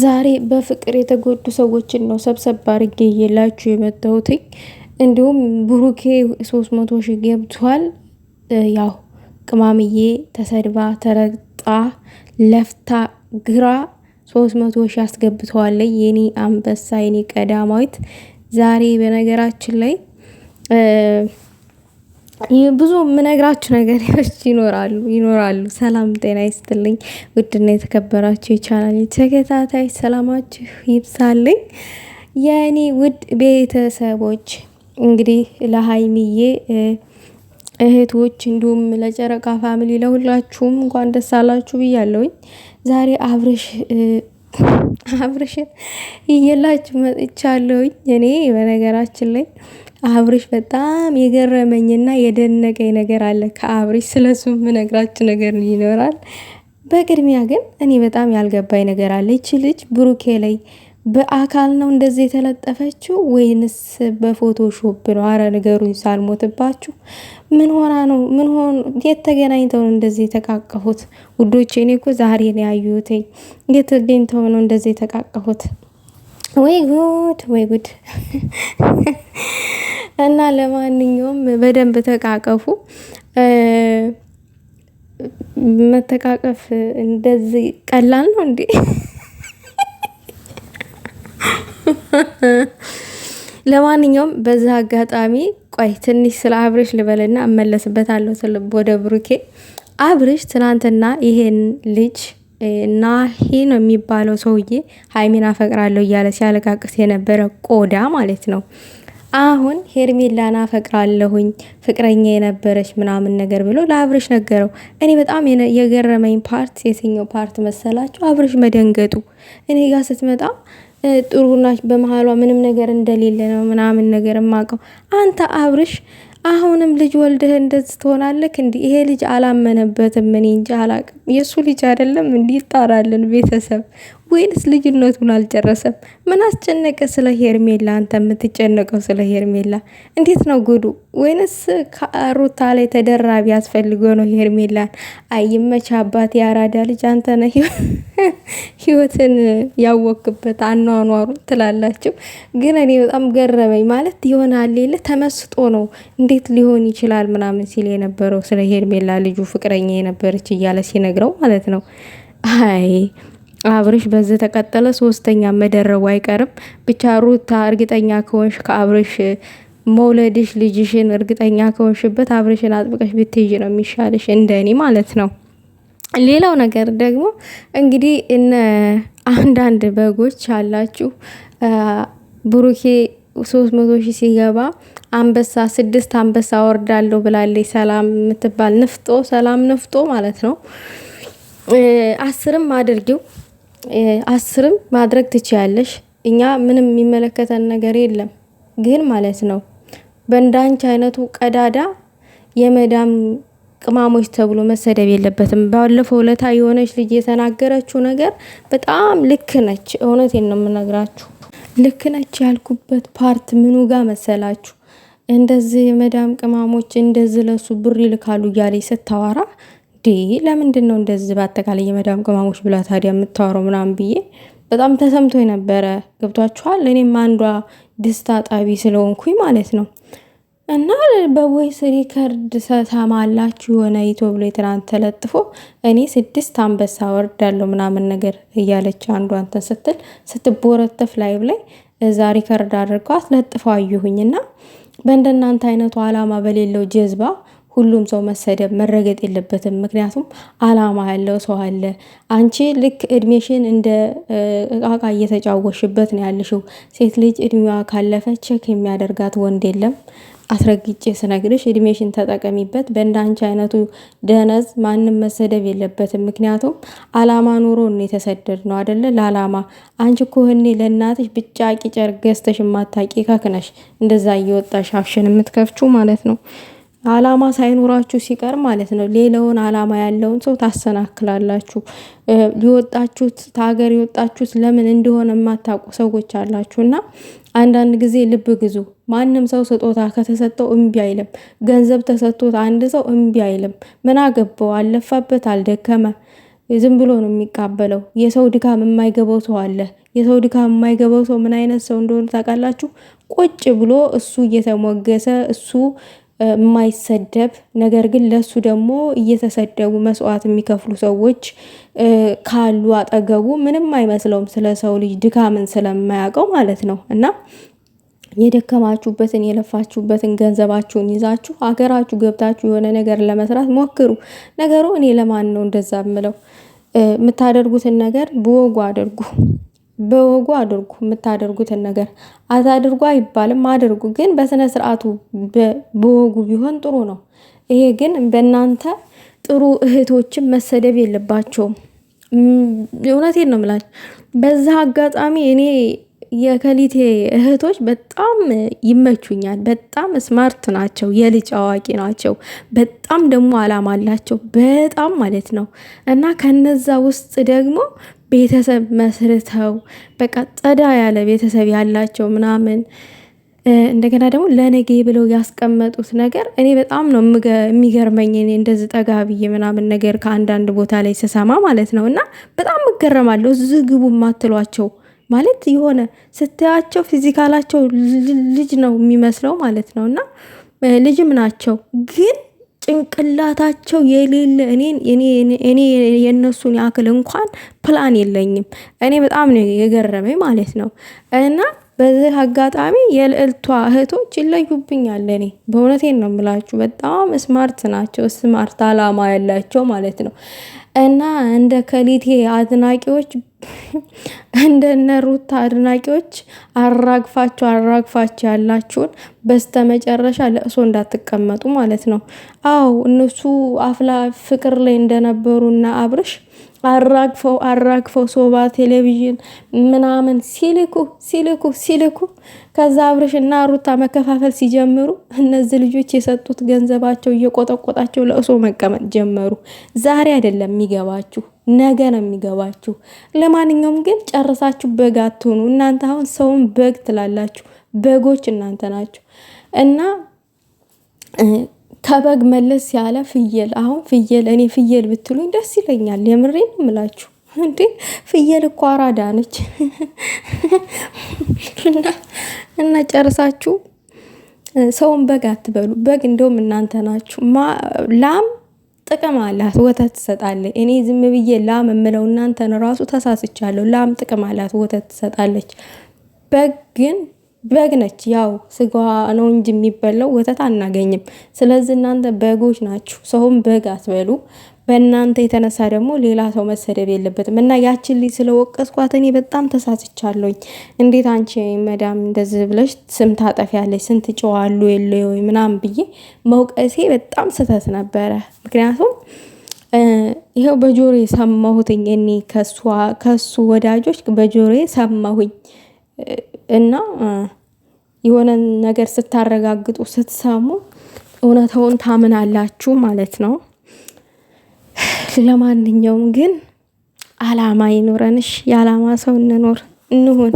ዛሬ በፍቅር የተጎዱ ሰዎችን ነው ሰብሰብ አድርጌ እየላችሁ የመጣሁትኝ። እንዲሁም ብሩኬ ሶስት መቶ ሺህ ገብቷል። ያው ቅማምዬ ተሰድባ ተረግጣ ለፍታ ግራ ሶስት መቶ ሺህ አስገብተዋለኝ። የኔ አንበሳ የኔ ቀዳማዊት ዛሬ በነገራችን ላይ ብዙ የምነግራችሁ ነገሮች ይኖራሉ ይኖራሉ። ሰላም ጤና ይስጥልኝ። ውድና የተከበራችሁ ይቻላል ተከታታይ ሰላማችሁ ይብሳልኝ። የእኔ ውድ ቤተሰቦች። እንግዲህ ለሀይሚዬ እህቶች እንዲሁም ለጨረቃ ፋሚሊ ለሁላችሁም እንኳን ደስ አላችሁ ብያለሁኝ። ዛሬ አብረሽ አብረሽን እየላችሁ መጥቻለሁኝ። እኔ በነገራችን ላይ አብሪሽ በጣም የገረመኝና የደነቀኝ ነገር አለ። ከአብሪሽ ስለሱ ምነግራችሁ ነገር ይኖራል። በቅድሚያ ግን እኔ በጣም ያልገባኝ ነገር አለ። ይቺ ልጅ ብሩኬ ላይ በአካል ነው እንደዚህ የተለጠፈችው ወይንስ በፎቶሾፕ ነው? አረ ንገሩኝ ሳልሞትባችሁ። ምን ሆና ነው? ምን ሆን የት ተገናኝተው ነው እንደዚህ የተቃቀፉት? ውዶቼ እኔ እኮ ዛሬ ነው ያዩት። የት ተገኝተው ነው እንደዚህ የተቃቀፉት? ወይ ጉድ ወይ ጉድ! እና ለማንኛውም በደንብ ተቃቀፉ። መተቃቀፍ እንደዚህ ቀላል ነው እንዴ? ለማንኛውም በዛ አጋጣሚ ቆይ ትንሽ ስለ አብርሽ ልበልና እመለስበታለሁ ወደ ብሩኬ። አብርሽ ትናንትና ይሄን ልጅ ናሂ ነው የሚባለው ሰውዬ ሀይሜን አፈቅራለሁ እያለ ሲያለቃቅስ የነበረ ቆዳ ማለት ነው። አሁን ሄርሜላን አፈቅራለሁኝ ፍቅረኛ የነበረች ምናምን ነገር ብሎ ለአብርሽ ነገረው። እኔ በጣም የገረመኝ ፓርት የትኛው ፓርት መሰላችሁ? አብርሽ መደንገጡ። እኔ ጋር ስትመጣ ጥሩና በመሀሏ ምንም ነገር እንደሌለ ነው ምናምን ነገር የማውቀው። አንተ አብርሽ አሁንም ልጅ ወልደህ እንደዚህ ትሆናለህ? እንዲ ይሄ ልጅ አላመነበትም። እኔ እንጂ አላቅም። የእሱ ልጅ አይደለም እንዲ ይጣራልን ቤተሰብ ወይንስ ልዩነቱን አልጨረሰም? ምን አስጨነቀ? ስለ ሄርሜላ አንተ የምትጨነቀው ስለ ሄርሜላ እንዴት ነው ጉዱ? ወይንስ ከሩታ ላይ ተደራቢ አስፈልጎ ነው ሄርሜላን? አይመች አባት የአራዳ ልጅ አንተ ነህ ህይወትን ያወክበት አኗኗሩ ትላላችሁ። ግን እኔ በጣም ገረመኝ ማለት የሆነ አሌለ ተመስጦ ነው እንዴት ሊሆን ይችላል ምናምን ሲል የነበረው ስለ ሄርሜላ ልጁ ፍቅረኛ የነበረች እያለ ሲነግረው ማለት ነው አይ አብርሽ በዚህ ተቀጠለ ሶስተኛ መደረቡ አይቀርም። ብቻ ሩታ እርግጠኛ ከሆንሽ ከአብርሽ መውለድሽ ልጅሽን እርግጠኛ ከሆንሽበት አብርሽን አጥብቀሽ ብትይዥ ነው የሚሻልሽ፣ እንደኔ ማለት ነው። ሌላው ነገር ደግሞ እንግዲህ እነ አንዳንድ በጎች አላችሁ ብሩኬ ሶስት መቶ ሺህ ሲገባ አንበሳ ስድስት አንበሳ ወርዳለሁ ብላለች። ሰላም የምትባል ንፍጦ ሰላም ንፍጦ ማለት ነው። አስርም አድርጊው አስርም ማድረግ ትችያለሽ። እኛ ምንም የሚመለከተን ነገር የለም። ግን ማለት ነው በእንዳንቺ አይነቱ ቀዳዳ የመዳም ቅማሞች ተብሎ መሰደብ የለበትም። ባለፈው ለታ የሆነች ልጅ የተናገረችው ነገር በጣም ልክ ነች። እውነቴን ነው የምነግራችሁ። ልክ ነች ያልኩበት ፓርት ምኑ ጋር መሰላችሁ? እንደዚህ የመዳም ቅማሞች እንደዚህ ለሱ ብር ይልካሉ እያለች ስታወራ ዴ ለምንድን ነው እንደዚህ በአጠቃላይ የመዳም ቅመሞች ብላ ታዲያ የምታወራው ምናምን ብዬ በጣም ተሰምቶ የነበረ ገብቷችኋል። እኔም አንዷ ድስታ ጣቢ ስለሆንኩኝ ማለት ነው። እና በቮይስ ሪከርድ ሰታማላችሁ የሆነ ይቶ ብሎ የትናንት ተለጥፎ እኔ ስድስት አንበሳ ወርዳለሁ ምናምን ነገር እያለች አንዷ እንትን ስትል ስትቦረተፍ ላይብ ላይ እዛ ሪከርድ አድርገው አስለጥፈው እና በእንደናንተ አይነቱ ዓላማ በሌለው ጀዝባ ሁሉም ሰው መሰደብ መረገጥ የለበትም። ምክንያቱም አላማ ያለው ሰው አለ። አንቺ ልክ እድሜሽን እንደ እቃቃ እየተጫወሽበት ነው ያለሽው። ሴት ልጅ እድሜዋ ካለፈ ቼክ የሚያደርጋት ወንድ የለም። አስረግጬ ስነግርሽ እድሜሽን ተጠቀሚበት። በእንዳንቺ አይነቱ ደነዝ ማንም መሰደብ የለበትም። ምክንያቱም አላማ ኑሮ ነው የተሰደድ ነው አደለ? ለአላማ አንቺ ኮህኔ ለእናትሽ ብጫቂ ጨርገስተሽ ማታቂ የማታቂ ከክነሽ እንደዛ እየወጣሽ አፍሽን የምትከፍቹ ማለት ነው። አላማ ሳይኖራችሁ ሲቀር ማለት ነው። ሌላውን አላማ ያለውን ሰው ታሰናክላላችሁ። ሊወጣችሁት ከሀገር የወጣችሁት ለምን እንደሆነ የማታውቁ ሰዎች አላችሁ እና አንዳንድ ጊዜ ልብ ግዙ። ማንም ሰው ስጦታ ከተሰጠው እምቢ አይልም። ገንዘብ ተሰጥቶት አንድ ሰው እምቢ አይልም። ምን አገባው? አለፋበት፣ አልደከመ ዝም ብሎ ነው የሚቃበለው። የሰው ድካም የማይገባው ሰው አለ። የሰው ድካም የማይገባው ሰው ምን አይነት ሰው እንደሆነ ታውቃላችሁ? ቁጭ ብሎ እሱ እየተሞገሰ እሱ የማይሰደብ ነገር ግን ለሱ ደግሞ እየተሰደቡ መስዋዕት የሚከፍሉ ሰዎች ካሉ አጠገቡ ምንም አይመስለውም፣ ስለ ሰው ልጅ ድካምን ስለማያውቀው ማለት ነው እና የደከማችሁበትን የለፋችሁበትን ገንዘባችሁን ይዛችሁ ሀገራችሁ ገብታችሁ የሆነ ነገር ለመስራት ሞክሩ። ነገሩ እኔ ለማን ነው እንደዛ ምለው? የምታደርጉትን ነገር ብወጉ አድርጉ። በወጉ አድርጉ። የምታደርጉትን ነገር አታድርጉ አይባልም፣ አድርጉ። ግን በስነ ስርዓቱ በወጉ ቢሆን ጥሩ ነው። ይሄ ግን በእናንተ ጥሩ እህቶችን መሰደብ የለባቸውም። እውነቴን ነው ምላች። በዛ አጋጣሚ እኔ የከሊቴ እህቶች በጣም ይመቹኛል። በጣም ስማርት ናቸው፣ የልጅ አዋቂ ናቸው። በጣም ደግሞ አላማ አላቸው፣ በጣም ማለት ነው። እና ከነዛ ውስጥ ደግሞ ቤተሰብ መስርተው በቃ ጸዳ ያለ ቤተሰብ ያላቸው ምናምን እንደገና ደግሞ ለነጌ ብለው ያስቀመጡት ነገር እኔ በጣም ነው የሚገርመኝ። እኔ እንደዚህ ጠጋ ብዬ ምናምን ነገር ከአንዳንድ ቦታ ላይ ስሰማ ማለት ነው እና በጣም እገረማለሁ። እዚህ ግቡ ማለት የሆነ ስትያቸው ፊዚካላቸው ልጅ ነው የሚመስለው ማለት ነው እና ልጅም ናቸው ግን ጭንቅላታቸው የሌለ እኔን እኔ የእነሱን ያክል እንኳን ፕላን የለኝም። እኔ በጣም ነው የገረመኝ ማለት ነው። እና በዚህ አጋጣሚ የልዕልቷ እህቶች ይለዩብኛል። እኔ በእውነቴን ነው የምላችሁ፣ በጣም ስማርት ናቸው። ስማርት አላማ ያላቸው ማለት ነው። እና እንደ ከሊቴ አድናቂዎች እንደነ ሩታ አድናቂዎች አራግፋችሁ አራግፋችሁ ያላችሁን በስተመጨረሻ ለእሶ እንዳትቀመጡ ማለት ነው። አው እነሱ አፍላ ፍቅር ላይ እንደነበሩ እና አብርሽ አራግፈው አራግፈው ሶባ ቴሌቪዥን ምናምን ሲልኩ ሲልኩ ሲልኩ ከዛ አብርሽ እና ሩታ መከፋፈል ሲጀምሩ እነዚህ ልጆች የሰጡት ገንዘባቸው እየቆጠቆጣቸው ለእሶ መቀመጥ ጀመሩ። ዛሬ አይደለም የሚገባችሁ፣ ነገ ነው የሚገባችሁ። ለማንኛውም ግን ጨርሳችሁ በግ አትሆኑ። እናንተ አሁን ሰውን በግ ትላላችሁ። በጎች እናንተ ናቸው እና ከበግ መለስ ያለ ፍየል። አሁን ፍየል እኔ ፍየል ብትሉኝ ደስ ይለኛል። የምሬን ምላችሁ እንዴ ፍየል እኮ አራዳ ነች። እና ጨርሳችሁ ሰውን በግ አትበሉ። በግ እንደውም እናንተ ናችሁ። ላም ጥቅም አላት፣ ወተት ትሰጣለች። እኔ ዝም ብዬ ላም የምለው እናንተን ራሱ ተሳስቻለሁ። ላም ጥቅም አላት፣ ወተት ትሰጣለች። በግ ግን በግ ነች። ያው ስጋዋ ነው እንጂ የሚበላው ወተት አናገኝም። ስለዚህ እናንተ በጎች ናችሁ፣ ሰውም በግ አትበሉ። በእናንተ የተነሳ ደግሞ ሌላ ሰው መሰደብ የለበትም እና ያችን ልጅ ስለወቀስኳት እኔ በጣም ተሳስቻለሁኝ። እንዴት አንቺ መዳም እንደዚህ ብለሽ ስም ታጠፊያለሽ? ስንት ጨዋሉ የለ ወይ ምናምን ብዬ መውቀሴ በጣም ስህተት ነበረ። ምክንያቱም ይኸው በጆሬ ሰማሁትኝ እኔ ከሱ ወዳጆች በጆሬ ሰማሁኝ። እና የሆነ ነገር ስታረጋግጡ ስትሰሙ እውነታውን ታምናላችሁ ማለት ነው። ለማንኛውም ግን አላማ ይኑረን። የአላማ ሰው እንኖር እንሁን።